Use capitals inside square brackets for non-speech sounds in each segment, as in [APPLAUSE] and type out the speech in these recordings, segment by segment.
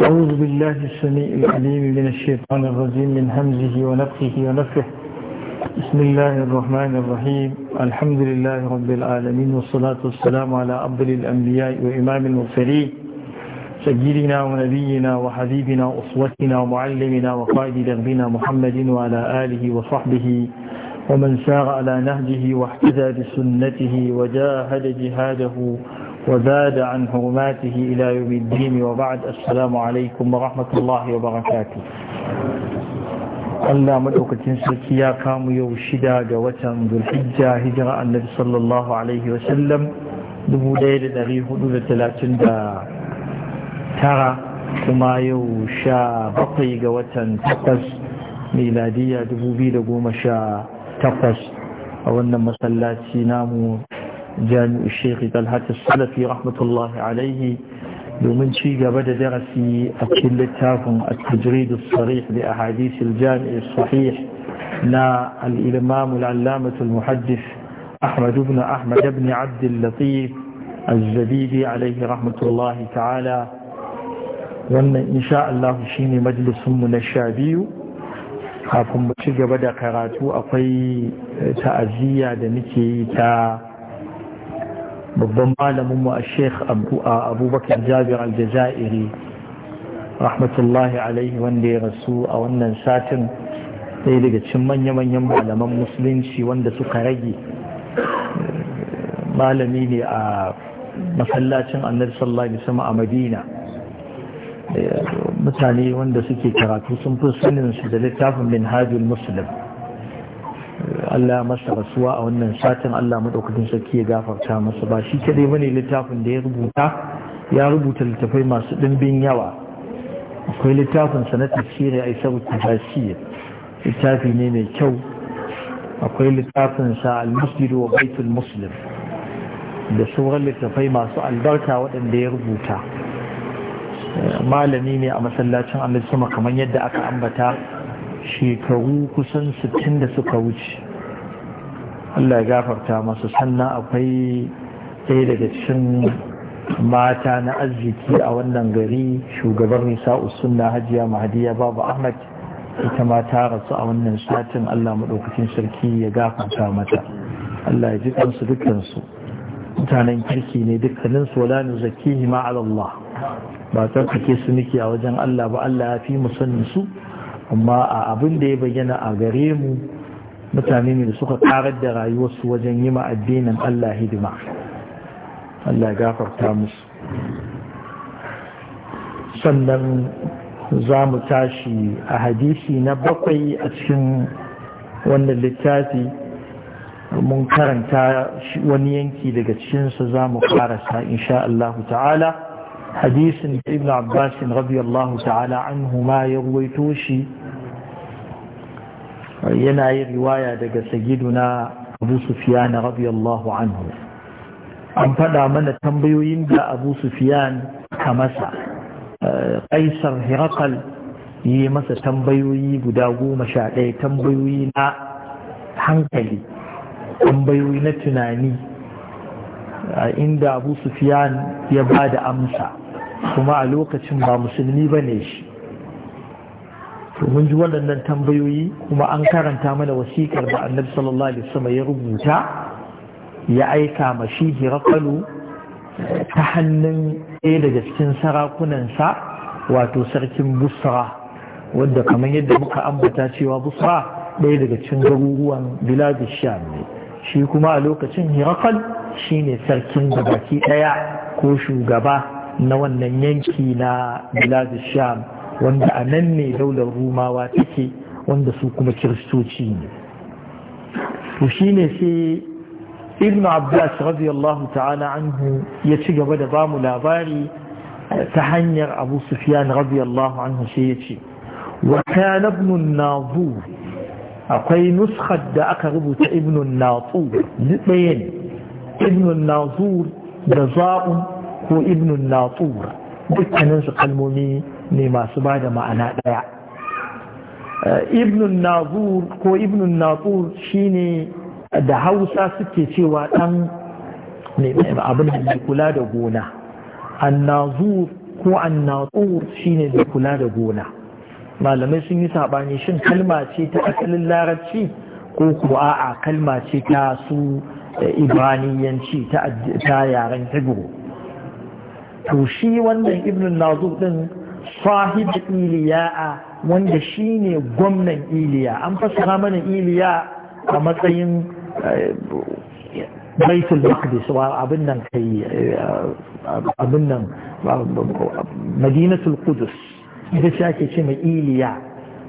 أعوذ بالله السميع العليم من الشيطان الرجيم من همزه ونفخه ونفخه بسم الله الرحمن الرحيم الحمد لله رب العالمين والصلاة والسلام على أفضل الأنبياء وإمام المرسلين سيدنا ونبينا وحبيبنا أسوتنا ومعلمنا وقائد دربنا محمد وعلى آله وصحبه ومن سار على نهجه واحتذى بسنته وجاهد جهاده وزاد عن حرماته إلى يوم الدين وبعد السلام عليكم ورحمة الله وبركاته Allah maɗaukacin sarki ya kamu yau shida ga watan Zulhijja hijira annabi sallallahu Alaihi wasallam 1439 kuma yau sha bakwai ga watan takwas miladiya 2018 a wannan masallaci namu جامع الشيخ طلحة السلفي رحمة الله عليه domin ci gaba da darasi a cikin littafin at-tajrid as-sarih sahih na al-imam al-allamah al-muhaddith ahmad ibn ahmad ibn abd al-latif ta'ala wannan insha Allah shine majlisun mu na biyu kafin mu ci gaba da karatu akwai ta'aziyya da muke yi ta babban malamin mu a sheikh abubakar jabir aljazairi rahmatullahi alaihi wanda ya rasu a wannan satin ɗaya daga cikin manya-manyan malaman musulunci wanda suka rage malami ne a masallacin annabi sallallahu alaihi wasallam a madina mutane wanda suke karatu sun fi sanin su da littafin bin minhajul musulun. Allah masa rasuwa a wannan satin Allah maɗaukakin sarki ya gafarta masa ba shi kadai wani littafin da ya rubuta ya rubuta littafai masu ɗimbin yawa akwai littafin sa na tafsiri aisabu tafsir littafi ne mai kyau akwai littafin sa al-masjid wa baitul muslim da sauran littafai masu albarka waɗanda ya rubuta malami ne a masallacin annabi sama kamar yadda aka ambata shekaru kusan sittin da suka wuce Allah ya gafarta masu sannan akwai ɗaya daga cikin mata na arziki a wannan gari shugaban nisa usunna hajiya mahadiya babu ahmad ita ma ta rasu a wannan satin Allah maɗaukacin sarki ya gafarta mata Allah ya ji kansu dukansu mutanen kirki ne dukkaninsu wala zakihi ma ala Allah ba tsarkake su muke a wajen Allah ba Allah ya fi mu su amma a abin da ya bayyana a gare mu mutane ne da suka karar da rayuwarsu wajen yi ma'addinin Allah hidima Allah gafarta musu sannan za mu tashi a hadisi na bakwai a cikin wannan littafi mun karanta wani yanki daga cikinsa za mu karasa insha Allah ta'ala hadisin da ibn abbasin radiyallahu ta'ala anhu ma ya ruwaito shi yana yin riwaya daga sagiduna abu sufiyan radiyallahu anhu an faɗa mana tambayoyin da abu sufiyan ka masa ƙaisar eh, hirakal yi masa tambayoyi guda goma sha ɗaya tambayoyi na hankali tambayoyi na tunani inda abu sufiyan ya ba da amsa kuma a lokacin ba musulmi ba ne shi mun ji waɗannan tambayoyi kuma an karanta mana wasikar da annabi sallallahu alaihi wasallam ya rubuta ya aika ma shi hirakalu ta hannun ɗaya daga cikin sarakunansa wato sarkin busra wanda kamar yadda muka ambata cewa busra ɗaya daga cikin garuruwan bilad sham ne shi kuma a lokacin hirakal shine sarkin da baki ɗaya ko shugaba na wannan yanki na bilad sham wanda a nan ne daular rumawa take wanda su kuma kiristoci ne to shine sai ibn abbas radiyallahu ta'ala anhu ya ci gaba da bamu labari ta hanyar abu sufyan radiyallahu anhu sai ya ce wa kana ibn nazur akwai nuskhar da aka rubuta ibn nazur ɗaya ibn nazur da za'un ko ibn nazur dukkanin su kalmomi ne masu ba da ma'ana ɗaya eh, ibnun nazur ko ibnun nazur shine da hausa suke cewa ɗan abin da kula da gona nazur ko shi shine da kula da gona malamai sun yi saɓani shin kalma ce ta asalin larabci ko kuwa a kalma ce ta su eh, ibraniyanci ta yaren tagoro to shi wannan Ibnun nazur din sahib iliya'a wanda shine ne gwamnan iliya an fassara mana iliya a matsayin baitul maqdis wa abin nan kai abin nan madinatul qudus ita ce ake ce mai iliya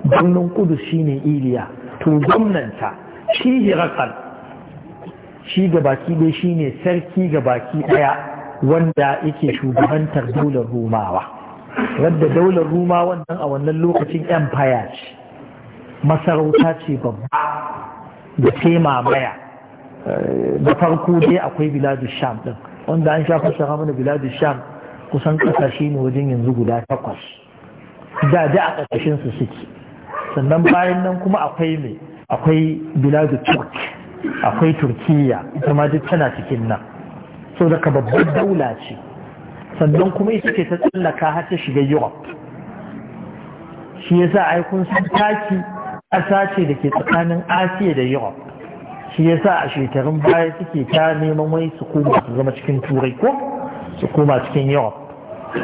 birnin qudus shine iliya to gwamnanta shi hirakal shi gabaki dai shine sarki ga baki daya wanda yake shugabantar dole rumawa wadda daular ruma wannan a wannan lokacin empire ce masarauta ce babba da ke mamaya da farko dai akwai biladu sham din wanda an sha fassara mana biladu sham kusan kasashe ne wajen yanzu guda takwas da da a kasashen su suke sannan bayan nan kuma akwai mai akwai biladu turk akwai turkiya ita ma duk tana cikin nan so daga babbar daula ce sannan kuma ita ce ta tsallaka har ta shiga europe shi yasa ai kun san taki ƙasa ce da ke tsakanin asiya da europe shi yasa a shekarun baya suke ta neman wai su koma su zama cikin turai ko su koma cikin europe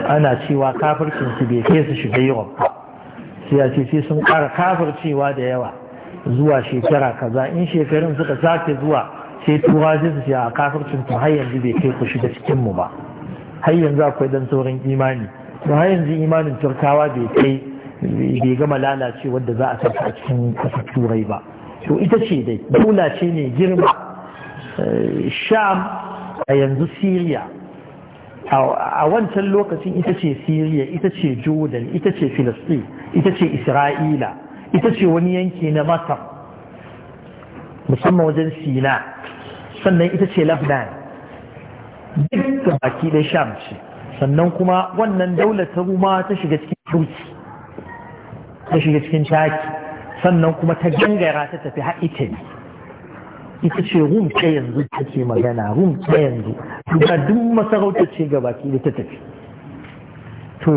ana cewa kafircin su bai kai su shiga europe sai a ce sai sun ƙara kafircewa da yawa zuwa shekara kaza in shekarun suka sake zuwa sai tura su a kafircin su har yanzu bai kai ku shiga cikin mu ba har yanzu akwai dan sauran imani to har yanzu imanin turkawa bai kai bai gama lalace wadda za a sauka a cikin turai ba to ita ce dai dola ce ne girma eh, sham a yanzu syria a wancan lokacin ita ce syria ita ce jordan ita ce filistin ita ce isra'ila ita ce wani yanki na masar musamman wajen sina sannan ita ce lebanon duk da baki da sham ce sannan kuma wannan daular ta ruma ta shiga cikin turki ta shiga cikin taki sannan kuma ta gangara ta tafi har italy ita ce rum ta yanzu ta ke magana rum ta yanzu duka duk masarautar ce ga baki da ta tafi to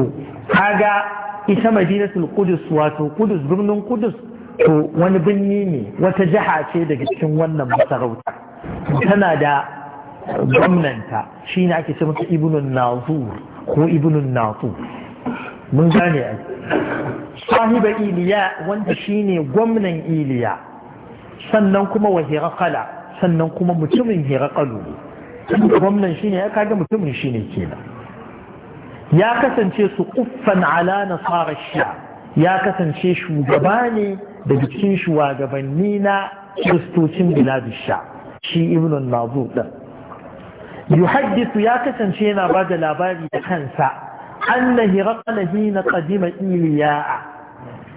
kaga ita madinatul kudus wato Kudus, birnin Kudus to wani birni ne wata jiha ce daga cikin wannan masarauta tana da gwamnanta shi ne ake ce masa ibnun nazur ko ibnun nazur mun gane a sahiba iliya wanda shi ne gwamnan iliya sannan kuma wa hirakala sannan kuma mutumin hirakalu ne gwamnan shi ne ya kaga mutumin shi ne kenan ya kasance su kuffan ala nasarar sha ya kasance shugaba ne da cikin shugabanni na kiristocin biladu sha shi ibnun nazu din yuhaddisu ya kasance yana ba da labari da kansa anna hiraqala hina qadima Iliya.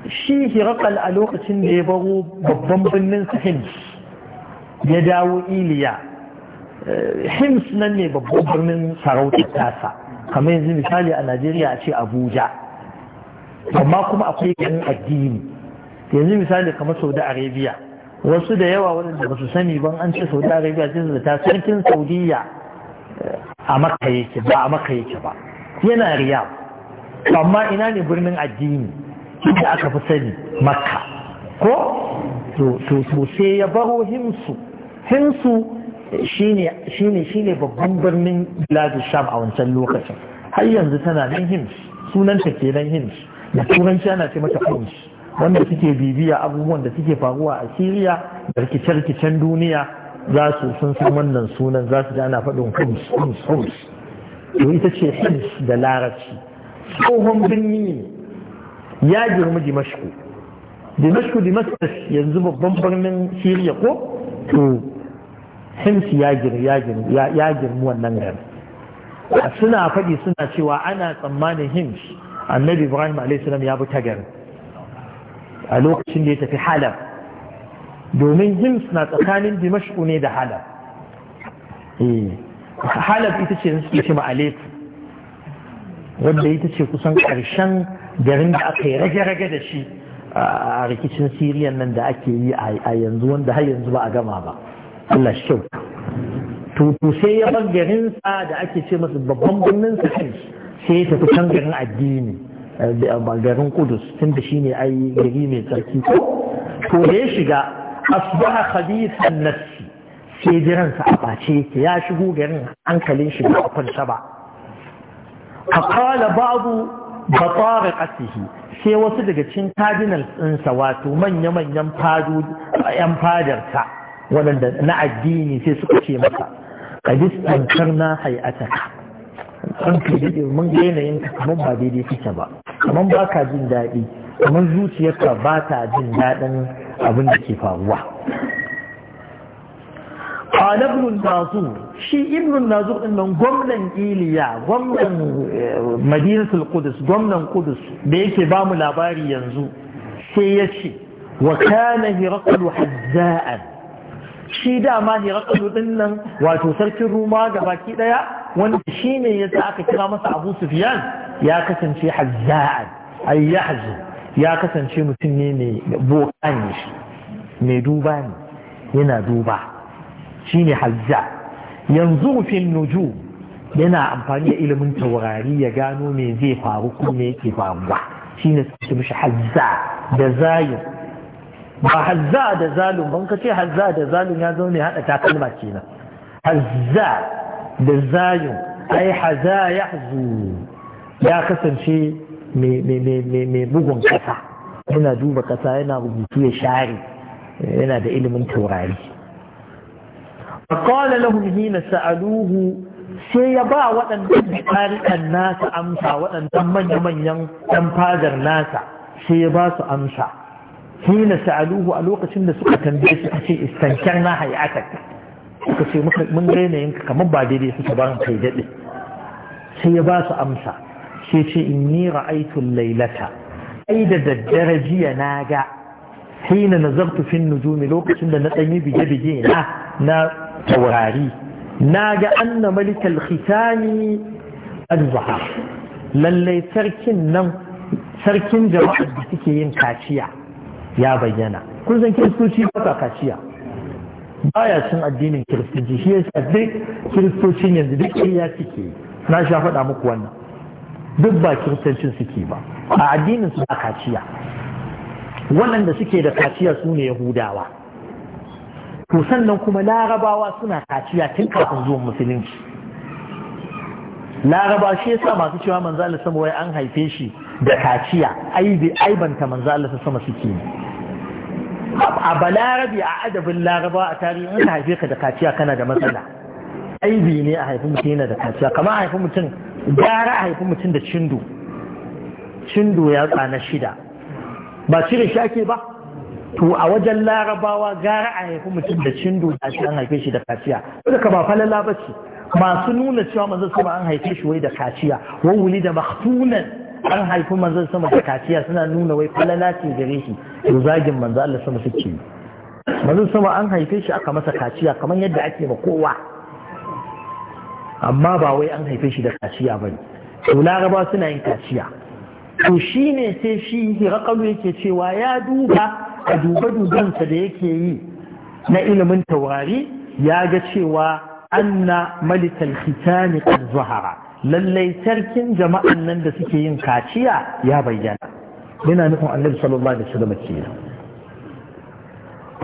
shi hiraqal a lokacin da ya baro babban birnin hims ya dawo iliya eh, hims nan ne babban birnin Sarauta tasa kamar yanzu misali a najeriya a ce abuja amma kuma akwai kan addini yanzu misali kamar saudi arabia wasu da yawa waɗanda ba su sani ban an ce saudi arabia ce da ta sarkin saudiya a maka yake ba a maka yake ba yana riya amma ina ne birnin addini da aka fi sani makka ko to sai ya baro himsu himsu shine shine babban birnin biladun sham a wancan lokacin har yanzu tana nan hims sunanta kenan hims da turanci ana ce mata hims wanda suke bibiya abubuwan da suke faruwa a siriya da rikice-rikicen duniya za su sun san wannan sunan za su ji ana faɗin hims hims hims to ita ce hims da larabci tsohon birni ne ya girma dimashku dimashku dimashkus yanzu babban birnin siriya ko to hims ya girmi ya girma wannan gari suna faɗi suna cewa ana tsammanin hims annabi ibrahim a.s. ya bi ta gari a lokacin da ya tafi halar domin hims na tsakanin dimashku ne da halab eh, halab ita ce suke ce ma'alef wadda ita ce kusan ƙarshen garin da aka yi rage-rage da shi a rikicin siriyan nan da ake yi a yanzu wanda har yanzu ba a gama ba Allah shi kyau to sai ya bar garinsa da ake ce masa babban birnin sa sai ya tafi can garin addini eh, garin kudus tunda shine ai gari mai tsarki to da ya shiga asbaha khabithan nafsi sai jiransa a ɓace ya shigo garin hankalin shi ba kwanta ba a kawala babu batsara ƙasihi sai wasu daga cikin cardinal ɗinsa wato manya-manyan fado ‘yan fadarsa waɗanda na addini sai suka ce masa ka distantar na hayataka ka daɗe mun ga yanayin kamar ba daidai kake ba kamar ba ka jin daɗi kamar zuciyarka ba ta jin daɗin abin da ke faruwa قال ابن shi شي ابن الناظور ان gwamnan iliya gwamnan eh, madinatul kudus gwamnan Kudus da yake ba mu labari yanzu sai ya ce wa kana hiraqlu hazza'an shi dama hiraqlu din nan wato sarkin ruma ga baki daya wanda shine yasa aka kira masa abu sufyan ya kasance hazza'an ya yahzu ya kasance mutum ne mai boka ne mai duba ne yana duba ne hajja yanzu rufin nuju yana amfani da ilimin taurari ya gano me zai faru ko me yake faruwa ne su mishi hajja da zayin ba hazza da zalun ban ka ce hazza da zalun ya zo ne haɗa takalma kenan hazza da zayun ai haza ya ya kasance mai bugun kasa yana duba kasa yana rubutu ya share yana da ilimin taurari faƙala lahum hina sa'aluhu sai ya ba waɗannan tarikan nasa amsa waɗannan manya-manyan ɗan fadar nasa sai ya ba su amsa hina sa'aluhu a lokacin da suka tambaye a ce istankar na hayakar suka ce mun ga yanayinka kamar ba daidai suka ba kai daɗe sai ya ba su amsa sai ce inni ra'aitun laylata ai da daddare jiya na ga hina nazartu fin nujumi lokacin da na ɗanyi bige bige na na taurari na ga anna malikal khitani az-zahar Lallai sarkin nan sarkin jama'a da suke yin kaciya ya bayyana kun san kiristoci ba ka kaciya baya cin addinin kiristoci shi yasa duk kiristocin yanzu duk ya suke na sha faɗa muku wannan duk ba kiristancin suke ba a addinin su ba kaciya waɗanda suke da kaciya su ne yahudawa to sannan kuma larabawa suna kaciya tun kafin zuwan musulunci laraba shi ya sa masu cewa manzo Allah sama wai an haife shi da kaciya aibi aibanta manzo Allah sama suke a balarabi a adabin laraba a tarihi an haife ka da kaciya kana da matsala aibi ne a haifi mutum yana da kaciya kamar a haifi mutum gara a haifi mutum da cindo cindo ya tsana shida ba cire shi ake ba to a wajen larabawa gara a haifi mutum da cindo da shi an haife shi da kaciya ka ba falala ba ce masu nuna cewa manzon sama an haife shi wai da kaciya wani da maktunan an haifi manzon sama da kaciya suna nuna wai falala ce gare shi to zagin manzo Allah sama suke yi sama an haife shi aka masa kaciya kamar yadda ake ma kowa amma ba wai an haife shi da kaciya ba to laraba suna yin kaciya to shi ne sai shi hirakalu yake cewa ya duba a duba-dubansa da yake yi na ilimin taurari ya ga cewa anna malikal khitani qad lallai sarkin jama'an nan da suke yin kaciya ya bayyana yana nufin annabi sallallahu alaihi wasallam kenan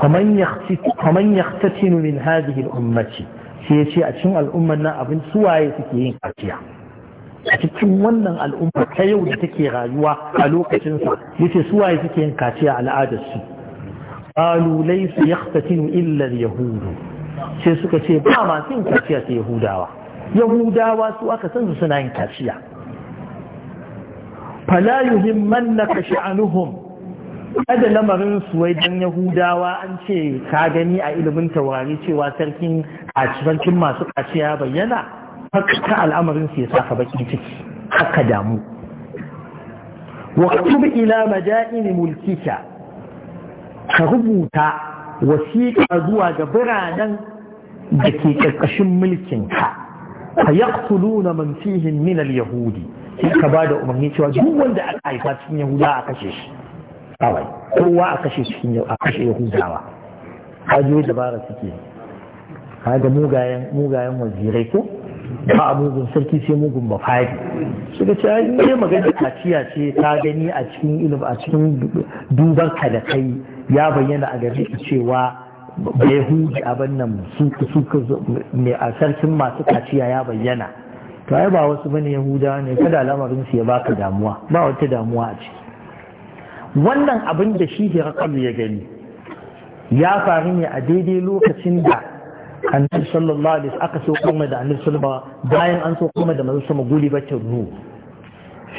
faman yaqtati min hadhihi al-ummati sai ya ce a cikin al'ummar nan abin suwaye suke yin kaciya a cikin wannan al'umma ta yau da take rayuwa a lokacinsa ya ce suwaye suke yin kaciya al'adarsu ƙalu laisu ya illar yahudu sai suka ce ba masu yin kaciya ta yahudawa yahudawa su aka san su suna yin kaciya fala kashe sha'anuhum kada lamarin suwai yahudawa an ce ka gani a ilimin taurari cewa sarkin kacibancin masu kaciya bayyana haka al'amarin su ya saka baki ciki haka damu kuma ila maja'in mulkika ka rubuta wasiƙa zuwa ga biranen da ke ƙarƙashin mulkinka ka yaqtuluna man na min al-yahudi sai ka ba da umarni cewa duk wanda aka haifa cikin yahuda a kashe shi kawai kowa a kashe cikin a kashe yahudawa hajo dabara suke kaga mugayen mugayen wazirai ko ba a mugun sarki sai mugun ba fadi suka ce ai ne magana kaciya ce ta gani a cikin ilimi a cikin dubar ka da kai ya bayyana a gare ka cewa ba yahudi abin nan su mai a sarkin masu kaciya ya bayyana to ai ba wasu bane yahudawa ne kada lamarin su ya baka damuwa ba wata damuwa a ciki wannan abin da shi hirakalu ya gani ya faru ne a daidai lokacin da annabi sallallahu alaihi aka so kuma da annabi sallallahu bayan an so kuma da manzo sama guli bacin nu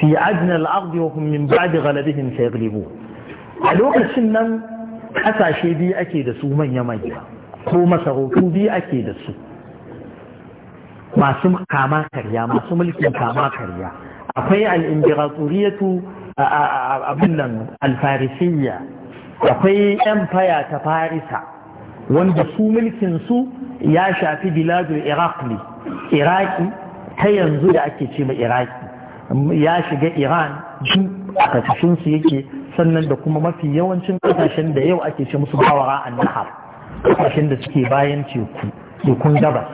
fi ajna al-ard wa hum min ba'd ghalabihim sayaghlibu a lokacin nan kasashe biyu ake da su manya manya ko masarautu biyu ake da su masu kama karya masu mulkin kama karya akwai al-imbiraturiyatu abin nan alfarisiyya akwai empire ta farisa wanda su mulkin su ya shafi biladu iraq ne iraki ta yanzu da ake ce ma iraki ya shiga iran duk a su yake sannan da kuma mafi yawancin kasashen da yau ake ce musu bawara an nahar kasashen da suke bayan teku tekun gabas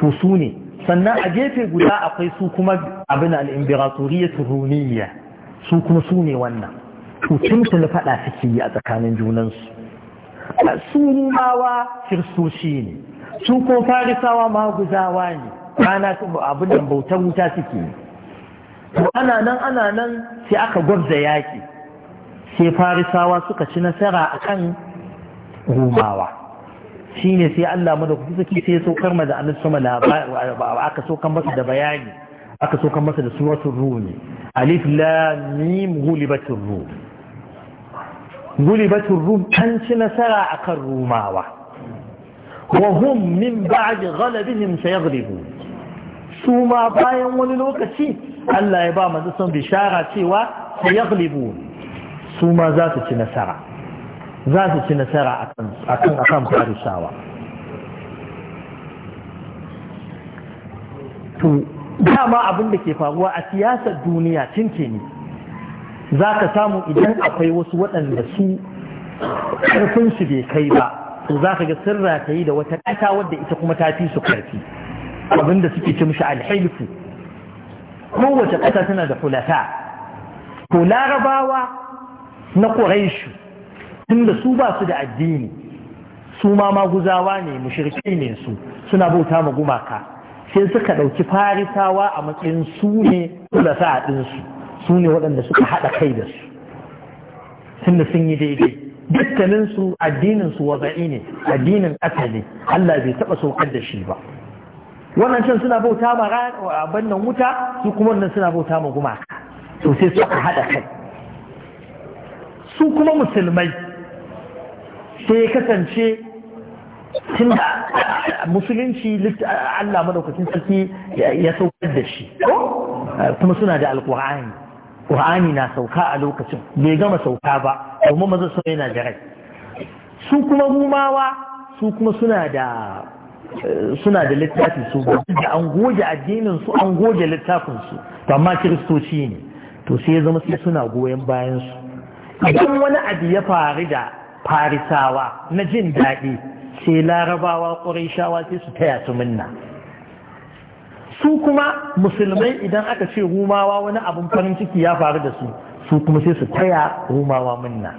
to su ne sannan a gefe guda akwai su kuma abin al'imbiratoriya turuniya su kuma su ne wannan tutun na fada suke yi a tsakanin junansu su rumawa kiristoci ne su ko farisawa maguzawa ne rana abin da bautar wuta suke yi ana nan ana nan sai aka gwabza yaƙi sai farisawa suka ci nasara akan rumawa ne sai Allah madaukaki saki sai ya saukar ma da annabi sama aka saukar masa da bayani aka saukar masa da suratul rum alif lam mim ghulibatur rum ghulibatur rum kan ci nasara akan rumawa wa hum min ba'd ghalabihim sayaghlibun su ma bayan wani lokaci Allah ya ba manzo son bishara cewa sayaghlibun su ma za su ci nasara za su ci nasara a kan farisawa to dama abin da ke faruwa a siyasar duniya cinke ne za ka samu idan akwai wasu waɗanda su ƙarfinsu bai kai ba to za ka ga sirra ta yi da wata ƙasa wadda ita kuma ta fi su ƙarfi abinda suke ci mishi alhaifu kowace ƙasa tana da hulata to larabawa na ƙuraishu tunda su ba su da addini su ma maguzawa ne mushirki ne su suna bauta ma gumaka sai suka ɗauki farisawa a matsayin su ne kula sa ɗinsu su ne waɗanda suka haɗa kai da su tunda sun yi daidai dukkaninsu addininsu waza'i ne addinin ƙasa ne Allah bai taɓa saukar da shi ba wannan can suna bauta ma abin wuta su kuma wannan suna bauta ma gumaka to sai suka haɗa kai su kuma musulmai sai ya kasance tun musulunci Allah madaukakin sarki ya saukar da shi kuma suna da alkur'ani ƙur'ani na sauka a lokacin bai gama sauka ba kuma maza su yana da rai su kuma rumawa su kuma suna da suna da littafi su da an goge addinin su an goge littafin su to amma kiristoci ne to sai ya zama sai suna goyon bayan su idan wani abu ya faru da farisawa na jin daɗi sai larabawa ƙurayshawa sai su taya su minna su kuma musulmai idan aka ce rumawa wani abin farin ciki ya faru da su su kuma sai su taya rumawa minna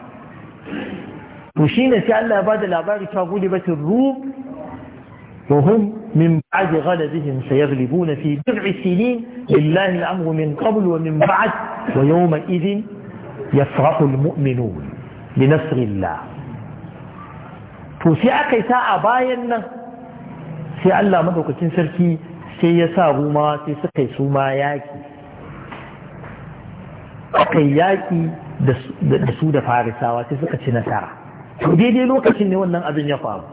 to shine sai Allah ya bada labari ta gulibatin rum وهم من بعد غلبهم سيغلبون في بضع سنين لله الأمر من قبل ومن بعد ويومئذ يفرح المؤمنون بنصر الله to sai aka yi sa'a bayan nan sai Allah madaukakin sarki sai ya sa ruma sai suka yi su ma yaƙi aka yi yaki da su da farisawa sai suka ci nasara to daidai lokacin ne wannan abin ya faru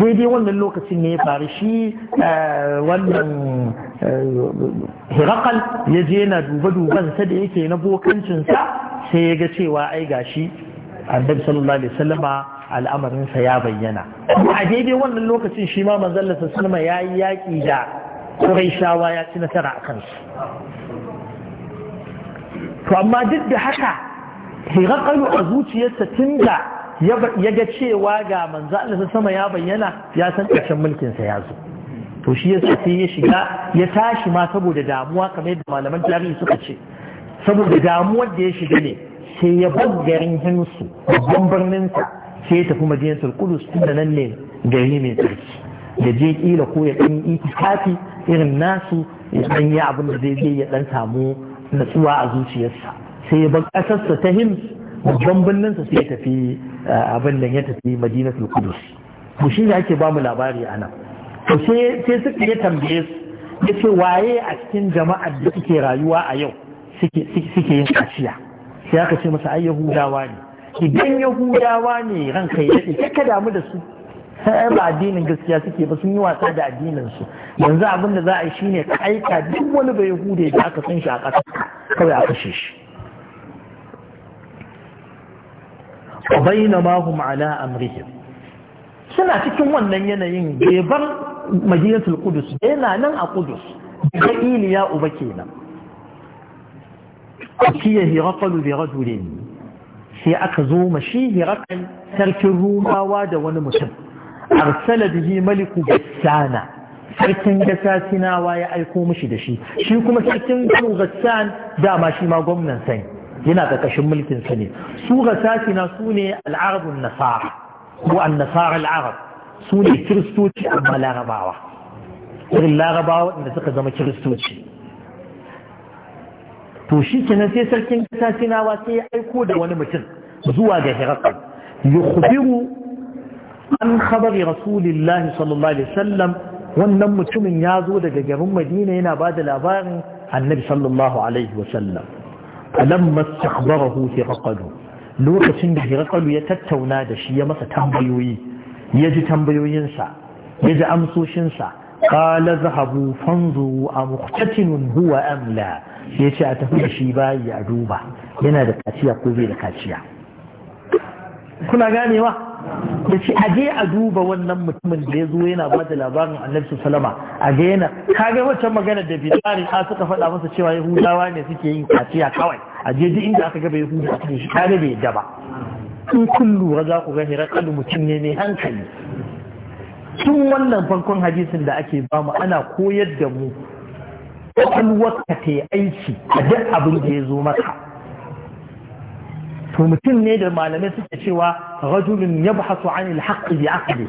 daidai wannan lokacin ne ya faru shi eh, wannan hirakal eh, ya je na duba-dubansa da yake na bokancinsa sai ya ga cewa ai gashi annabi sallallahu alaihi al'amarin al'amarinsa ya bayyana a daidai wannan lokacin shi ma manzon Allah sallallahu ya yi yaƙi da Qurayshawa ya ci nasara a kansu to amma duk da haka Hirakalu a zuciyarsa tun da ya ga cewa ga manzo Allah sama ya bayyana ya san ƙarshen sa ya zo to shi yasa sai ya shiga ya tashi ma saboda damuwa kamar yadda malaman tarihi suka ce saboda damuwar da ya shiga ne sai ya bar garin hinsu babban birninsa sai ya tafi madinatul kudus da nan ne gari mai tsarki da je kila ko ya dan kafi irin nasu ya dan yi abin da zai je ya dan samu natsuwa a zuciyarsa sai ya bar kasarsa ta hins babban birninsa sai ya tafi abin da ya tafi madinatul kudus to shi ne ake ba mu labari a nan to sai suka ya tambaye su ya ce waye a cikin jama'ar da suke rayuwa a yau suke yin kaciya sai aka ce masa ai yahudawa ne idan yahudawa ne ranka ya daɗe ka damu da su sai ba addinin gaskiya suke ba sun yi wasa da addinin su yanzu abin da za a yi shine ka aika duk wani bai yahude da aka san shi a ƙasa kawai a kashe shi bayyana mahum ala amrihim suna cikin wannan yanayin bai bar madinatul qudus yana nan a Kudus. da iliya uba kenan أتي هرقل برجل sai aka zo mashi hirakan sarkin rumawa da wani mutum arsala yi maliku gassana sarkin gasasinawa ya aiko mashi da shi shi kuma sarkin kanu gassan dama shi ma gwamnan sai yana ƙarƙashin mulkin sa ne su gasasina su ne al'arabun nasara ko an nasara al'arab su ne kiristoci amma larabawa irin larabawa waɗanda suka zama kiristoci to shi kenan sai sarkin kasa sinawa sai ya aiko da wani mutum zuwa ga Ya yukhbiru an khabari rasulillahi sallallahu alaihi sallam wannan mutumin ya zo daga garin madina yana ba da labarin annabi sallallahu alaihi wasallam alamma istakhbarahu hiraqalu lokacin da hiraqalu ya tattauna da shi ya masa tambayoyi ya ji tambayoyinsa ya ji amsoshinsa qala zahabu fanzuru a muqtatilun am sai ce a tafi da shi bayi a duba yana da kaciya ko bai da kaciya kuna ganewa da ce aje a duba wannan mutumin da ya zo yana ba da labarin annabi salama a ga yana kaga wacce magana da bidari a suka faɗa masa cewa yahudawa ne suke yin kaciya kawai je duk inda aka gaba yahudu a cikin shi kare bai daba in kun lura za ku ga hirakalu mutum ne mai hankali tun wannan farkon hadisin da ake bamu ana koyar da mu kwakwalwarka ta yi aiki a duk abin da ya zo maka to mutum ne da malamai suke cewa rajulun ya hasu an alhaƙi bi shi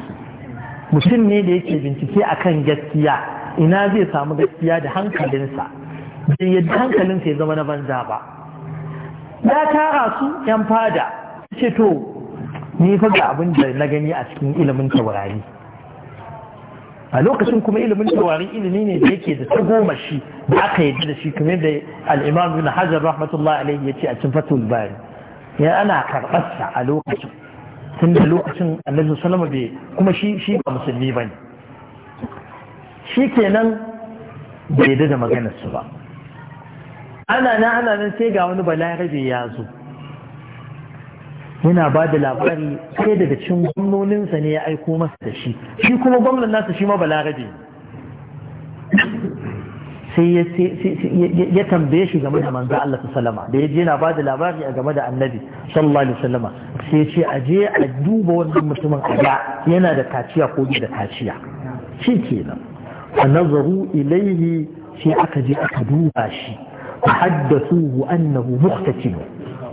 mutum ne da yake bincike a kan gaskiya ina zai samu gaskiya da hankalinsa bai yadda hankalinsa ya zama na banza ba ya tara su yan fada ce to ni fa ga abin da na gani a cikin ilimin taurari a lokacin kuma ilimin tawarin ilimi ne da yake da ta goma shi da aka yi da shi kuma da al'imam bin hajar rahmatullah alaihi ya ce a cin fatul bari ya ana karɓarsa a lokacin tun da lokacin annabi salama bai kuma shi shi ba musulmi ba ne shi kenan bai da maganar su ba ana na ana nan sai ga wani balarabe ya zo yana ba da labari sai daga cikin gwamnoninsa ne ya aiko masa da shi shi kuma gwamnan nasa shi ma balarabe sai ya tambaye shi game da manzo Allah sallama da yaje yana ba da labari a game da annabi sallallahu alaihi wasallama sai ya ce aje a duba wannan mutumin a ga yana da kaciya ko da kaciya shi kenan fa nazaru ilayhi sai aka je aka duba shi fa haddathuhu annahu muhtasim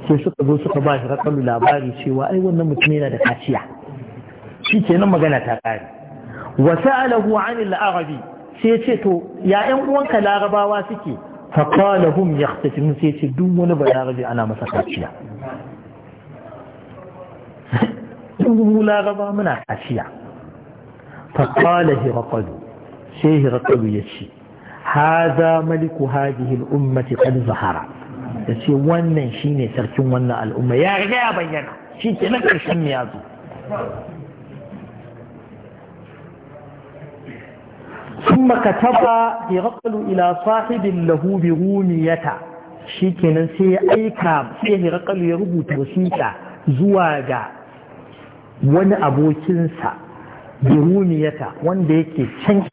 sai suka zo suka ba shi rakalu labari cewa ai wannan mutum yana da kaciya shi ke nan magana ta ƙari. wa sa'alahu anil arabi sai ce to ya ƴan uwanka larabawa suke fa qala hum yahtasibun sai ce duk wani ba balarabi ana masa kaciya [LAUGHS] duk mu laraba muna kaciya fa qala hirqalu sai hirqalu yace hadha maliku hadhihi al ummati qad zahara ya ce wannan ne sarkin wannan al'umma ya riga ya bayyana shi ke na ƙarshen ya zo ثم كتب هرقل إلى صاحب له برومية shikenan sai ya aika sai hirakal ya rubuta wasiƙa zuwa ga wani abokinsa da ta. wanda yake can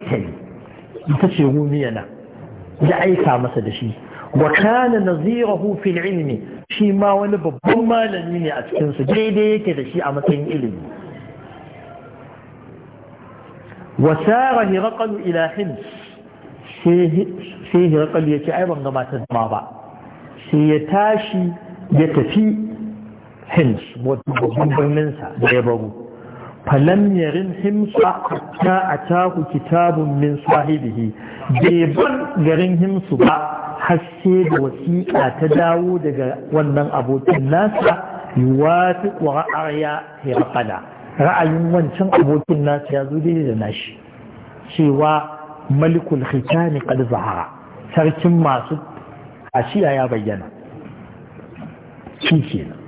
ita ce rumiya na ya aika masa da shi wa kana nazirahu fil ilmi shi ma wani babban malami ne a cikin su daidai yake da shi a matsayin ilimi wa sara hiraqal ila hims sai hiraqal yace ai ban ga matar ma ba sai ya tashi ya tafi hims wato babban birnin sa da ya baro falam yarin himsa ta ataku kitabun min sahibihi bai bar garin himsu ba haske da wasiƙa ta dawo daga wannan abokin nasa yuwafi ƙwararya ya faɗa ra'ayin wancan abokin nasa ya zo daidai da nashi cewa malikul khitani qad zahara sarkin masu ashiya ya bayyana shi kenan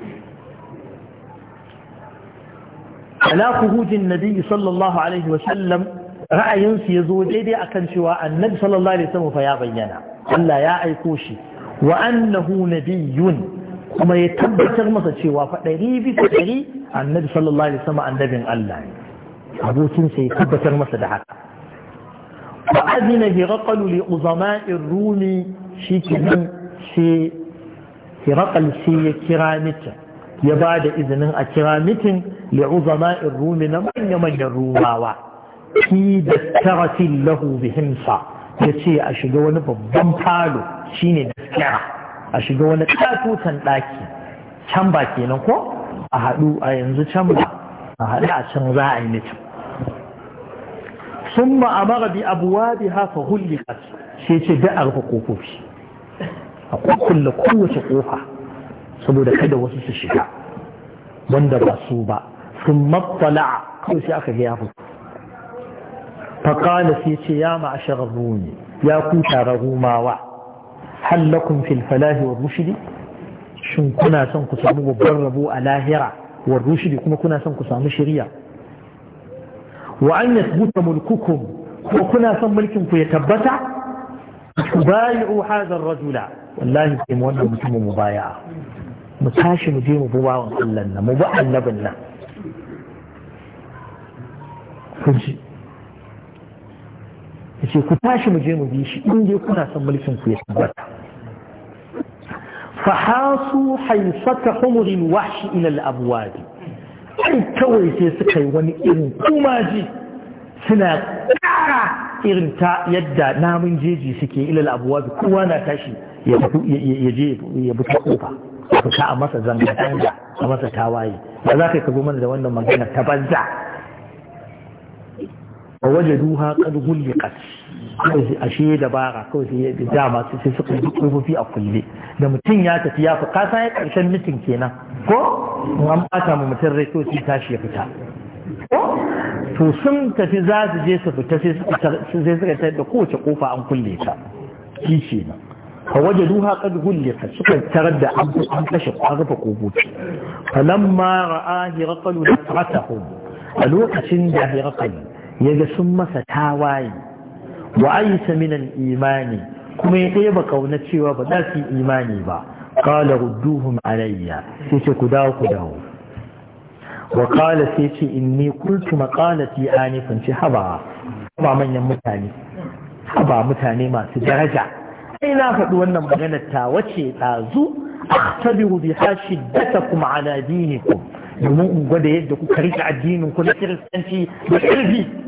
ala kuhujin nabi sallallahu alaihi wa sallam ra'ayinsu ya zo daidai akan cewa annabi sallallahu alaihi wa sallam ya bayyana Allah ya aiko shi wa annahu nabiyyun kuma ya tabbatar masa cewa fa ɗari bisa ɗari annabi sallallahu alaihi wasallam annabin Allah ne abokin sai tabbatar masa da haka fa azina hiraqal li uzama'ir rumi shikenan sai sai ya kira mita ya ba da izinin a kira mitin li uzama'ir rumi na manya manyan rumawa fi da tarafin lahu bihimsa ta ce a shiga wani babban falo shine daskara a shiga wani katutan ɗaki can ba kenan ko a haɗu a yanzu can ba a haɗu a can za a yi mutum sun a bi abuwa bi hafa hulli sai ce da a rufe kofofi a kulle kowace kofa saboda kada wasu su shiga wanda ba su ba sun matsala kawai sai aka ga ya faƙala sai ya ma'ashar rumi ya kusa tare rumawa hallakun fil falahi wa rushidi shin kuna babban rabo a lahira wa kuma kuna son ku samu shirya wa an yasbuta mulkukum ko kuna son mulkin ku ya tabbata tubayi'u hadha ar-rajula wallahi sai wannan mutumin mubaya'a mu tashi mu je mu bi bawan Allah mu bi annabin nan ce ku tashi mu je mu bi shi in dai kuna son mulkin ku ya tabbata fahasu haifata humurin washi ilal abuwaɗi ai kawai sai suka yi wani irin kumaji suna ƙara irin ta yadda namun jeji suke ilal abuwaɗi kowa na tashi ya je ya bi ta ƙofa fita a masa zanga-zanga a masa tawaye ba za ka zo mana da wannan magana ta banza a waje duha ƙarfin kawai ashe dabara kawai sai da dama sai suka yi a kulle da mutum ya tafi ya fi kasa ya karshen mitin kenan ko an bata samu mutum rai to sai tashi ya fita to sun tafi za su je su fita sai suka ta da kowace kofa an kulle ta shi ce nan Ka waje duha kulle ka, suka tarar da an kashe an rufe kofofi falamma ra'a a lokacin da ya yaga sun masa tawaye wa aysa min imani kuma ya ɗaya ba kauna cewa ba za su yi imani ba qala rudduhum alayya sai ce ku dawo ku dawo wa qala sai ce inni qultu maqalati anifan ce haba ba manyan mutane haba mutane masu daraja sai na faɗi wannan maganar ta wace ɗazu akhtabiru biha shiddatakum ala dinikum domin in gwada yadda kuka rike addinin ku kiristanci da ƙarfi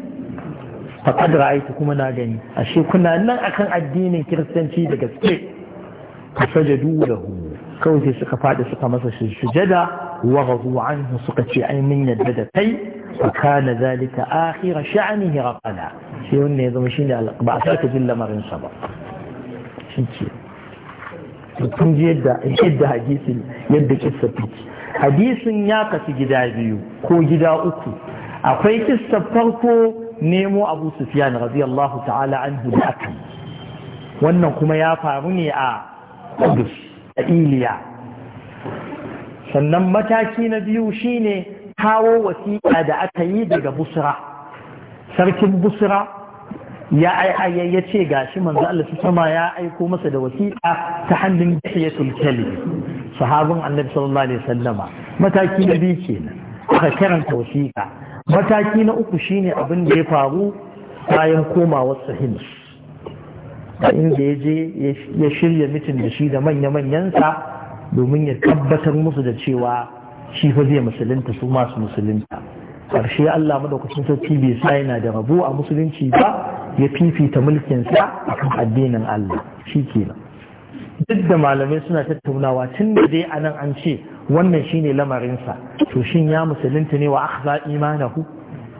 faƙad ra'aitu kuma na gani ashe kuna nan akan addinin kiristanci da gaske ka da hu. kawai sai suka faɗi suka masa sujada wa ghadu anhu suka ce ai min yadda da kai fa kana zalika akhir sha'nihi raqala shi wannan ya zama shine ba a saka jin lamarin sa ba shi ce kun ji yadda yadda hadisin yadda kissa take hadisin ya kasu gida biyu ko gida uku akwai kissa farko nemo abu sufiyan radiyallahu ta'ala anhu da aka wannan kuma ya faru ne a kudus a iliya sannan mataki na biyu shine kawo wasiƙa da aka yi daga busra sarkin busra ya ce gashi manzo Allah su sama ya aiko masa da wasiƙa ta hannun ya tulkali sahabin annabi sallallahu alaihi wasallama mataki na biyu kenan aka karanta wasiƙa mataki na uku shine abin da ya faru bayan komawa sahin da inda ya je ya shirya mitin da shi da manya-manyansa domin ya tabbatar musu da cewa shi fa zai musulunta su masu musulunta ƙarshe Allah madaukakin sarki bai sa yana da rabo a musulunci ba ya fifita mulkinsa a kan addinin Allah shi kenan duk da malamai suna tattaunawa tun da dai anan an ce wannan shine lamarinsa to shin ya musulunci ne wa akhza imanahu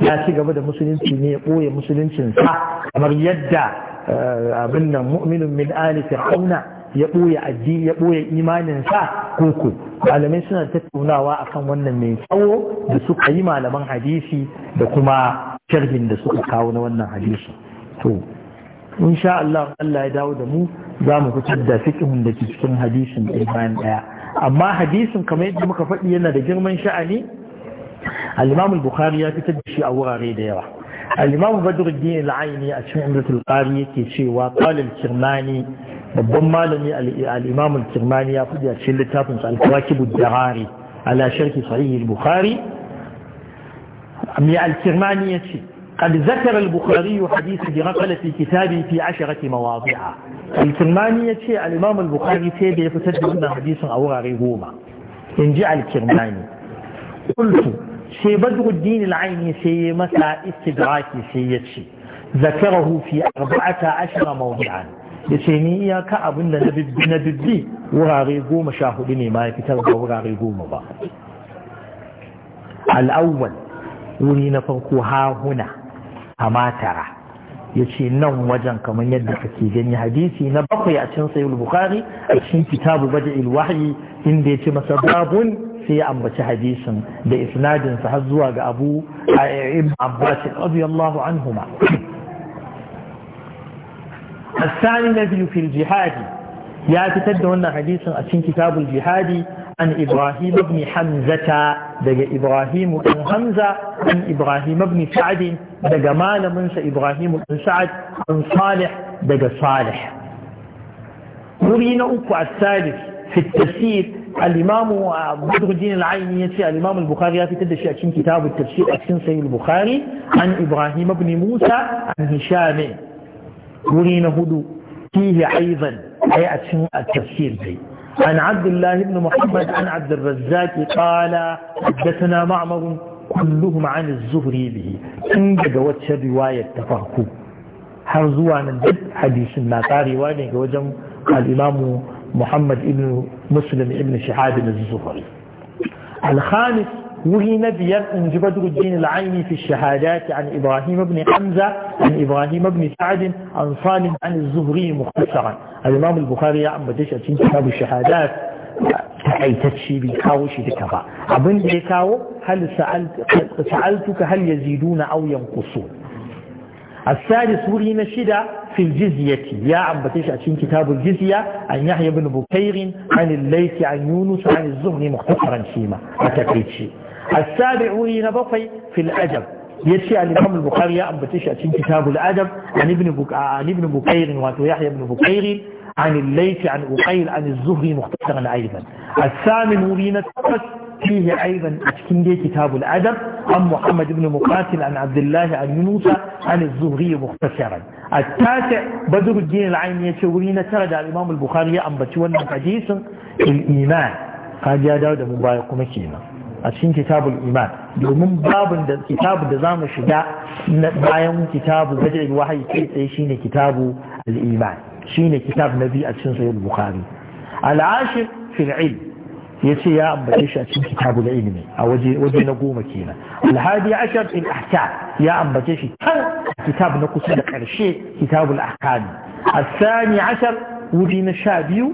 ya ci gaba da musulunci ne ya ɓoye musuluncinsa kamar yadda eh, abin nan mu'minun min ali fir'auna ya ɓoye addini ya ɓoye imaninsa koko malamai suna tattaunawa akan wannan mai tsawo da suka yi malaman hadisi da kuma sharhin da suka kawo na wannan hadisi to insha Allah Allah ya dawo da mu za mu fitar da fiqhun da cikin hadisin ɗaya bayan ɗaya amma hadisin kamar yadda muka faɗi yana da girman sha'ani al-imam bukhari ya fitar da shi a wurare da yawa al-imam badruddin al-aini a cikin umratul qari yake cewa qala al-kirmani babban malami al-imam al-kirmani ya fadi a cikin littafin sa al-kawakib ad-darari ala sharh sahih al-bukhari amma al-kirmani yace قد ذكر البخاري حديث بنقلة في كتابه في عشرة مواضع الكرمانية شيء الإمام البخاري سيدي يفتد حديث أو غريبوما إن جاء الكرماني قلت شيء بدر الدين العيني شيء متى استدراكي شيء شيء ذكره في أربعة عشر موضعا yace ni iyaka abin da na ما يكتب goma sha hudu ne ma famatara ya ce nan wajen kamar yadda kake gani hadisi na bakwai a cin sayul bukhari a cikin kitabu bada ilwahi inda ya ce masa babun sai ya ambaci hadisin da isnadinsa har zuwa ga abu ibn abbas radiyallahu anhuma Jihadi ya fitar da wannan hadisin a cikin كتاب Jihadi. an ibrahim hamzata daga ibrahim ibn hamza an ibrahim ibn daga malaminsa sa ibrahim ibn sa'd an salih daga salih wuri na uku a tsari fi tafsir al a budurjin al-ayni ya ce al-imam ya fitar da shi a cikin kitabu tafsir a cikin sayi al an ibrahim musa an hisham wuri na hudu fihi aidan ai a cikin tafsir عن عبد الله بن محمد عن عبد الرزاق قال حدثنا معمر كلهم عن الزهري به ان جوت رواية تفاكو har zuwa nan duk hadisin na karewa ne ga wajen al’imamu muhammad ibn muslim ibn shahadin zuhari al-khamis وهنا بيان انجبدر الدين العيني في الشهادات عن إبراهيم بن حمزة عن إبراهيم بن سعد عن صالح عن الزهري مختصرا الإمام البخاري عم بديش أتين كتاب الشهادات أي تتشي بيكاو شي تكفى عبن بيكاو هل سألت سألتك هل يزيدون أو ينقصون السادس ورين الشدة في الجزية يا عم بديش أتين كتاب الجزية عن يحيى بن بكير عن الليث عن يونس عن الزهري مختصرا شيما أتكريت السابعون بقي في الأدب عن الإمام البخاري ان أبا تشأتين كتاب الأدب عن ابن, بك... عن ابن بكير واتو يحيى بن بكير عن الليث عن أقيل عن الزهري مختصرا أيضا الثامنون فقط فيه أيضا أتكندي كتاب الأدب عن محمد بن مقاتل عن عبد الله عن يونس عن الزهري مختصرا التاسع بدر الدين العيني يتورين ترد الإمام البخاري أنبتون حديث الإيمان قال يا داود مبارك مكينا a cikin kitabul iman domin babin da kitabu da zamu shiga bayan kitabu zai wahayi sai tsaye shine kitabu al-iman shine kitab nabi a cikin sahih bukhari al-ashir fi al ilm yace ya ambace shi a cikin kitabul ilmi a waje waje na goma kenan al-hadi ashar fi al ahkam ya ambace shi kan kitab na kusa da karshe kitabul ahkam al thani ashar na الثاني عشر وجي نشابيو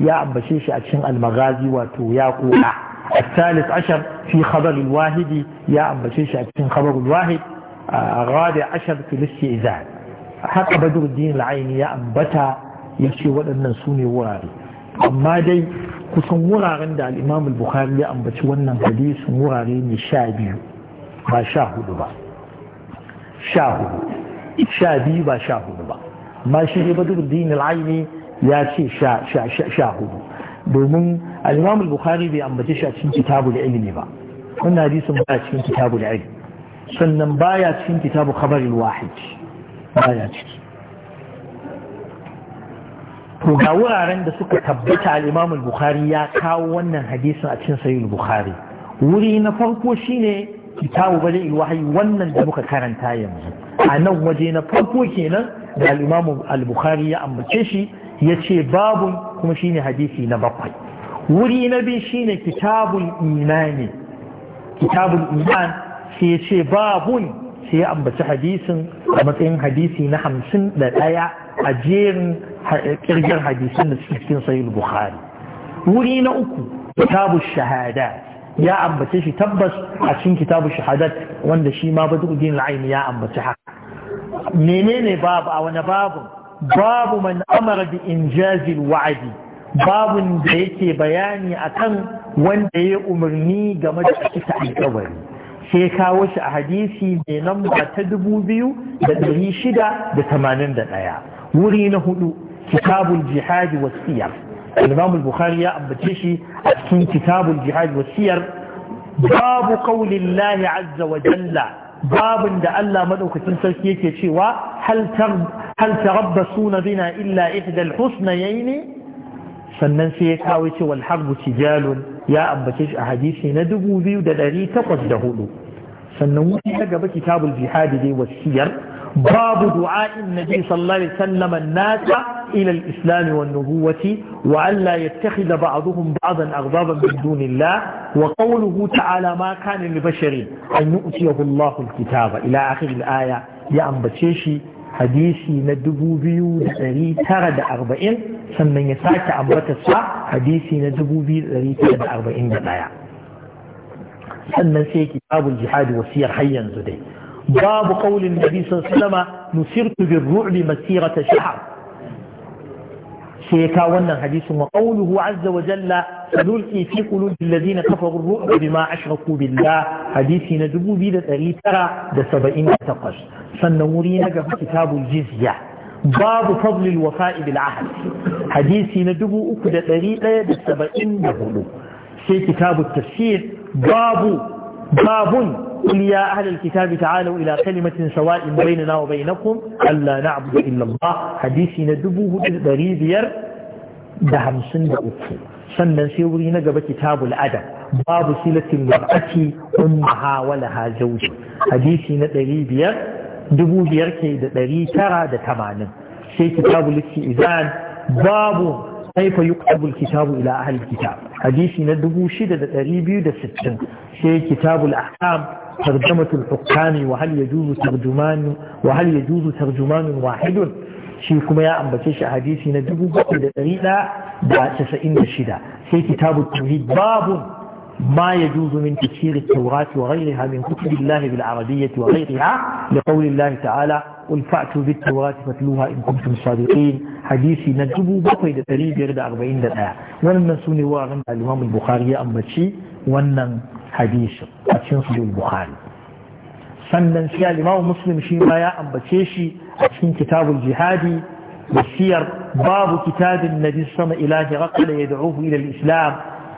ya ambace shi a cikin al المغازي wato ya kula الثالث عشر في خبر الواحد يا أبا شيشة في خبر الواحد الرابع عشر في الاستئذان حتى بدر الدين العيني يا أبتا يشي ولن سوني وراري أما دي kusan wuraren da al'imam al ya ambaci wannan hadisin wurare ne sha biyu ba sha hudu ba sha hudu sha biyu ba sha hudu ba amma shi ne badruddin al-aini ya ce sha hudu domin al bukhari bai ambace shi a cikin kitabu da ilimi ba wannan hadisin baya cikin kitabu da ilimi sannan baya cikin kitabu khabaril wahid baya ciki to ga wuraren da suka tabbata al bukhari ya kawo wannan hadisin a cikin sahih bukhari wuri na farko shine kitabu bada wahyi wannan da muka karanta yanzu a nan waje na farko kenan da al al-bukhari ya ambace shi ya ce babun kuma shine hadisi na bakwai wuri na biyu shine kitabun imani kitabun iman sai ya ce babun sai ya ambaci hadisin a matsayin hadisi na hamsin da ɗaya a jerin kirgar hadisin da suke cikin sayil bukhari wuri na uku kitabu shahada ya ambace shi tabbas a cikin kitabun shahadat wanda shi ma badu din ya ambaci haka menene babu a wani babu babu man amara bi injazil wa'adi babun da yake bayani akan wanda ya umarni game da cika alkawari sai kawo shi a hadisi mai namba ta dubu biyu da ɗari shida da tamanin da ɗaya wuri na hudu kitabul jihadi wasiyar imam bukhari ya ambace shi a cikin kitabul jihadi wasiyar babu qaulin azza wa jalla babin da Allah maɗaukacin sarki yake cewa hal suna bina illa ihdal ne. sannan sai ya kawo ce wal tijalun ya ambace shi a hadisi na 2804 sannan wani ta gaba kitabul jihadi dai wasiyar باب دعاء النبي صلى الله عليه وسلم الناس إلى الإسلام والنبوة وألا يتخذ بعضهم بعضا أغضابا من دون الله وقوله تعالى ما كان لبشر أن يؤتيه الله الكتاب إلى آخر الآية يا أربعين hadisi na 2940 sannan حديثي ندبو ambatarsa ذري na أربعين sannan sai kitabul كتاب الجهاد وسير حيا زدي babu kaulin nabi sallama nusirtu bir ru'li masirata shahr sai ka wannan hadisin wa qawluhu azza wa jalla sanulqi fi qulubi alladhina kafaru ar-ru'ba bima ashraku billah hadisi na 2978 sannan wuri na gaba kitabul jizya babu fadlil wafa'i bil hadisi na hudu sai kitabut tafsir babu babun قل يا أهل الكتاب تعالوا إلى كلمة سواء بيننا وبينكم ألا نعبد إلا الله حديثي ندبوه بريبير دهم سند أكو سنن سيوري نقب كتاب الأدب باب سلة المرأة أمها ولها زوج حديثي ندريبير دبو بير كي دري ترى دتمانن سي كتاب الاستئذان باب kaifa yuqabul kitabu ila ahli kitab hadisi na 6260 sai kitabul ahkam tarjamatul hukam wa hal yajuzu tarjuman wa hal yajuzu tarjuman wahid shi kuma ya ambace shi hadisi na da shida, sai kitabut tauhid babun ما يجوز من تفسير التوراة وغيرها من كتب الله بالعربية وغيرها لقول الله تعالى قل فأتوا بالتوراة فاتلوها إن كنتم صادقين حديثي نجبوا بقي لتريد يرد أربعين دلاء ولن سوني وارن الإمام البخاري أما شيء ونن حديث أتشن صدو البخاري سنن sai limamu muslim shi ma ya ambace shi a cikin كتاب jihadi da siyar babu kitabin nabi sama ilahi raqala yad'uhu ila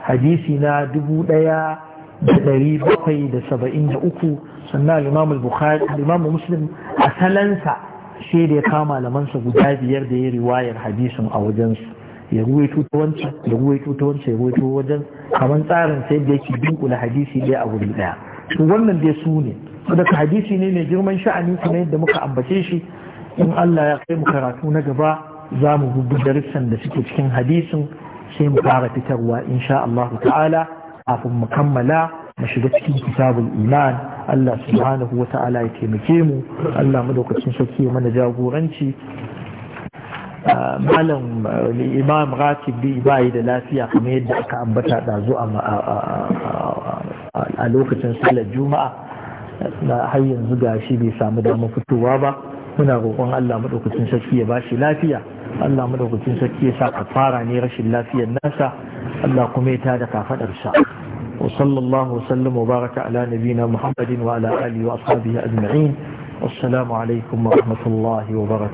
hadisi na dubu ɗaya da ɗari bakwai da saba'in da uku sannan limamu bukhari limamu muslim asalansa sai da ya kama malamansa guda biyar da ya riwayar hadisin a wajensu ya ruwaito ta ya ruwaito ya wajen kamar tsarin sai da yake dunkula hadisi ɗaya a wuri ɗaya to wannan dai su ne daga hadisi ne mai girman sha'ani kuma yadda muka ambace shi in Allah ya kai mu karatu na gaba za mu bubbi darussan da suke cikin hadisin sai mu fara fitarwa in sha Allah ta'ala kafin mu kammala mu shiga cikin kitabul iman Allah subhanahu wa ta'ala ya taimake mu Allah madaukakin sarki mana jagoranci ah, malam imam bi bayi da lafiya kamar yadda aka ambata a lokacin sallar juma'a na har yanzu gashi bai samu damar fitowa ba muna roƙon Allah maɗaukacin sarki ya bashi lafiya Allah madaukakin sarki ya sa fara ne rashin lafiyar nasa Allah kuma ya tada kafadarsa wa sallallahu wa baraka ala nabina Muhammadin wa ala alihi wa ashabihi ajma'in assalamu alaikum wa rahmatullahi wa baraka.